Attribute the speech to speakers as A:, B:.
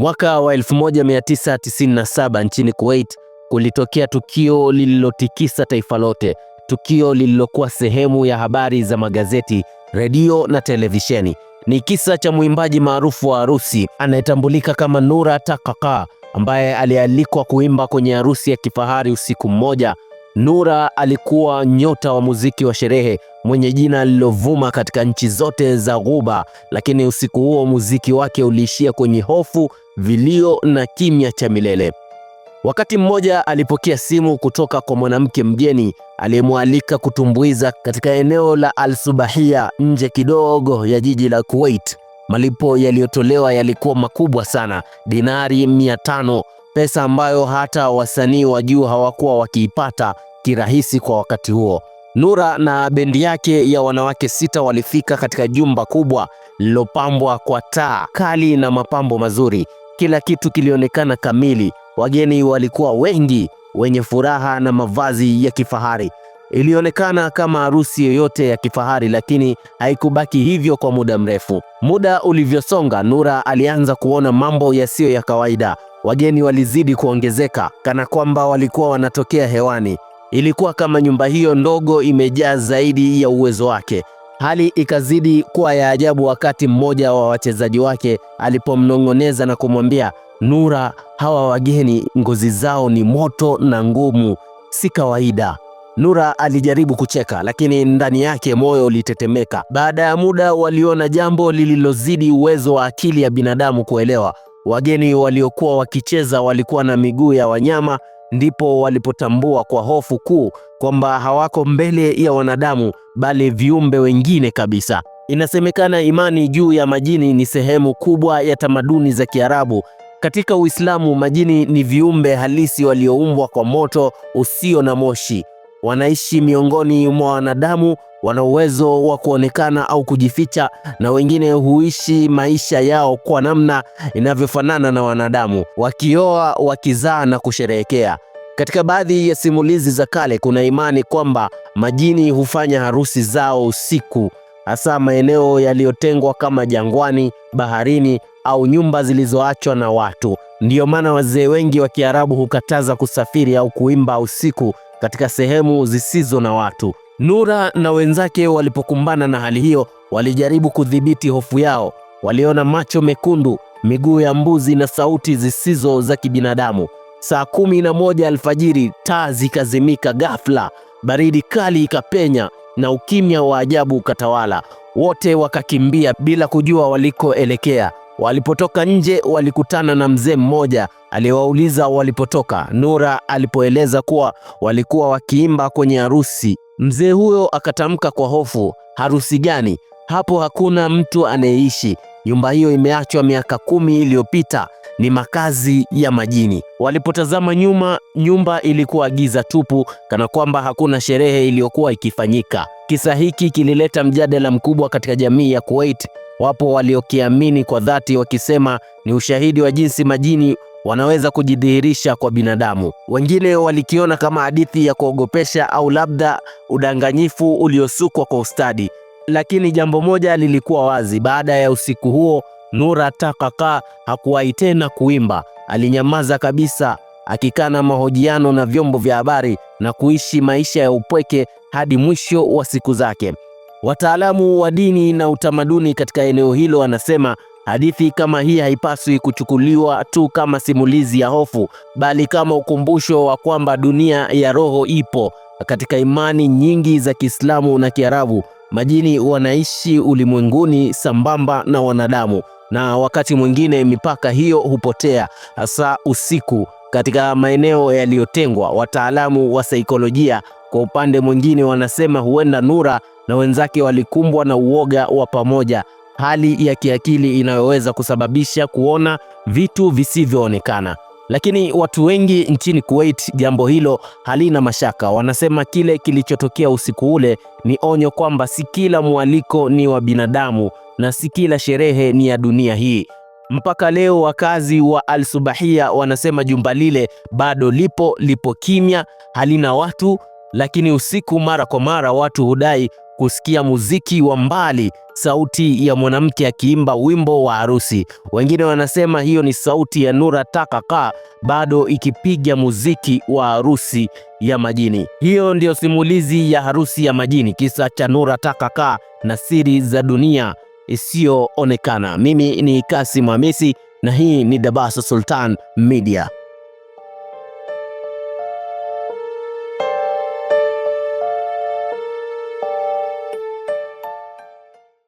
A: Mwaka wa 1997 nchini Kuwait kulitokea tukio lililotikisa taifa lote, tukio lililokuwa sehemu ya habari za magazeti, redio na televisheni. Ni kisa cha mwimbaji maarufu wa harusi anayetambulika kama Nura Takaka ambaye alialikwa kuimba kwenye harusi ya kifahari usiku mmoja Nura alikuwa nyota wa muziki wa sherehe mwenye jina lililovuma katika nchi zote za Ghuba, lakini usiku huo muziki wake uliishia kwenye hofu, vilio na kimya cha milele. Wakati mmoja alipokea simu kutoka kwa mwanamke mgeni aliyemwalika kutumbuiza katika eneo la Al-Subahia nje kidogo ya jiji la Kuwait. Malipo yaliyotolewa yalikuwa makubwa sana, dinari pesa ambayo hata wasanii wa juu hawakuwa wakiipata kirahisi kwa wakati huo. Nura na bendi yake ya wanawake sita walifika katika jumba kubwa lililopambwa kwa taa kali na mapambo mazuri. Kila kitu kilionekana kamili. Wageni walikuwa wengi, wenye furaha na mavazi ya kifahari. Ilionekana kama harusi yoyote ya kifahari, lakini haikubaki hivyo kwa muda mrefu. Muda ulivyosonga, Nura alianza kuona mambo yasiyo ya kawaida. Wageni walizidi kuongezeka kana kwamba walikuwa wanatokea hewani. Ilikuwa kama nyumba hiyo ndogo imejaa zaidi ya uwezo wake. Hali ikazidi kuwa ya ajabu wakati mmoja wa wachezaji wake alipomnong'oneza na kumwambia, Nura, hawa wageni ngozi zao ni moto na ngumu, si kawaida. Nura alijaribu kucheka lakini ndani yake moyo ulitetemeka. Baada ya muda waliona jambo lililozidi uwezo wa akili ya binadamu kuelewa. Wageni waliokuwa wakicheza walikuwa na miguu ya wanyama, ndipo walipotambua kwa hofu kuu kwamba hawako mbele ya wanadamu, bali viumbe wengine kabisa. Inasemekana imani juu ya majini ni sehemu kubwa ya tamaduni za Kiarabu. Katika Uislamu, majini ni viumbe halisi walioumbwa kwa moto usio na moshi. Wanaishi miongoni mwa wanadamu wana uwezo wa kuonekana au kujificha, na wengine huishi maisha yao kwa namna inavyofanana na wanadamu, wakioa, wakizaa na kusherehekea. Katika baadhi ya simulizi za kale kuna imani kwamba majini hufanya harusi zao usiku, hasa maeneo yaliyotengwa kama jangwani, baharini au nyumba zilizoachwa na watu. Ndiyo maana wazee wengi wa Kiarabu hukataza kusafiri au kuimba usiku katika sehemu zisizo na watu. Nura na wenzake walipokumbana na hali hiyo, walijaribu kudhibiti hofu yao. Waliona macho mekundu, miguu ya mbuzi na sauti zisizo za kibinadamu. Saa kumi na moja alfajiri, taa zikazimika ghafla, baridi kali ikapenya na ukimya wa ajabu ukatawala. Wote wakakimbia bila kujua walikoelekea. Walipotoka nje, walikutana na mzee mmoja aliyewauliza walipotoka. Nura alipoeleza kuwa walikuwa wakiimba kwenye harusi Mzee huyo akatamka kwa hofu, harusi gani? Hapo hakuna mtu anayeishi. Nyumba hiyo imeachwa miaka kumi iliyopita, ni makazi ya majini. Walipotazama nyuma, nyumba ilikuwa giza tupu, kana kwamba hakuna sherehe iliyokuwa ikifanyika. Kisa hiki kilileta mjadala mkubwa katika jamii ya Kuwait. Wapo waliokiamini kwa dhati, wakisema ni ushahidi wa jinsi majini wanaweza kujidhihirisha kwa binadamu. Wengine walikiona kama hadithi ya kuogopesha au labda udanganyifu uliosukwa kwa ustadi, lakini jambo moja lilikuwa wazi: baada ya usiku huo, Nura Takaka hakuwahi tena kuimba. Alinyamaza kabisa, akikana mahojiano na vyombo vya habari na kuishi maisha ya upweke hadi mwisho wa siku zake. Wataalamu wa dini na utamaduni katika eneo hilo wanasema Hadithi kama hii haipaswi kuchukuliwa tu kama simulizi ya hofu, bali kama ukumbusho wa kwamba dunia ya roho ipo. Katika imani nyingi za Kiislamu na Kiarabu, majini wanaishi ulimwenguni sambamba na wanadamu, na wakati mwingine mipaka hiyo hupotea, hasa usiku katika maeneo yaliyotengwa. Wataalamu wa saikolojia kwa upande mwingine wanasema huenda Nura na wenzake walikumbwa na uoga wa pamoja, hali ya kiakili inayoweza kusababisha kuona vitu visivyoonekana. Lakini watu wengi nchini Kuwait jambo hilo halina mashaka. Wanasema kile kilichotokea usiku ule ni onyo kwamba si kila mwaliko ni wa binadamu na si kila sherehe ni ya dunia hii. Mpaka leo wakazi wa Al-Subahia wanasema jumba lile bado lipo, lipo kimya, halina watu, lakini usiku mara kwa mara watu hudai kusikia muziki wa mbali, sauti ya mwanamke akiimba wimbo wa harusi. Wengine wanasema hiyo ni sauti ya Nura Takaka bado ikipiga muziki wa harusi ya majini. Hiyo ndiyo simulizi ya harusi ya majini, kisa cha Nura Takaka na siri za dunia isiyoonekana. Mimi ni Kasim Hamisi na hii ni Dabasa Sultan Media.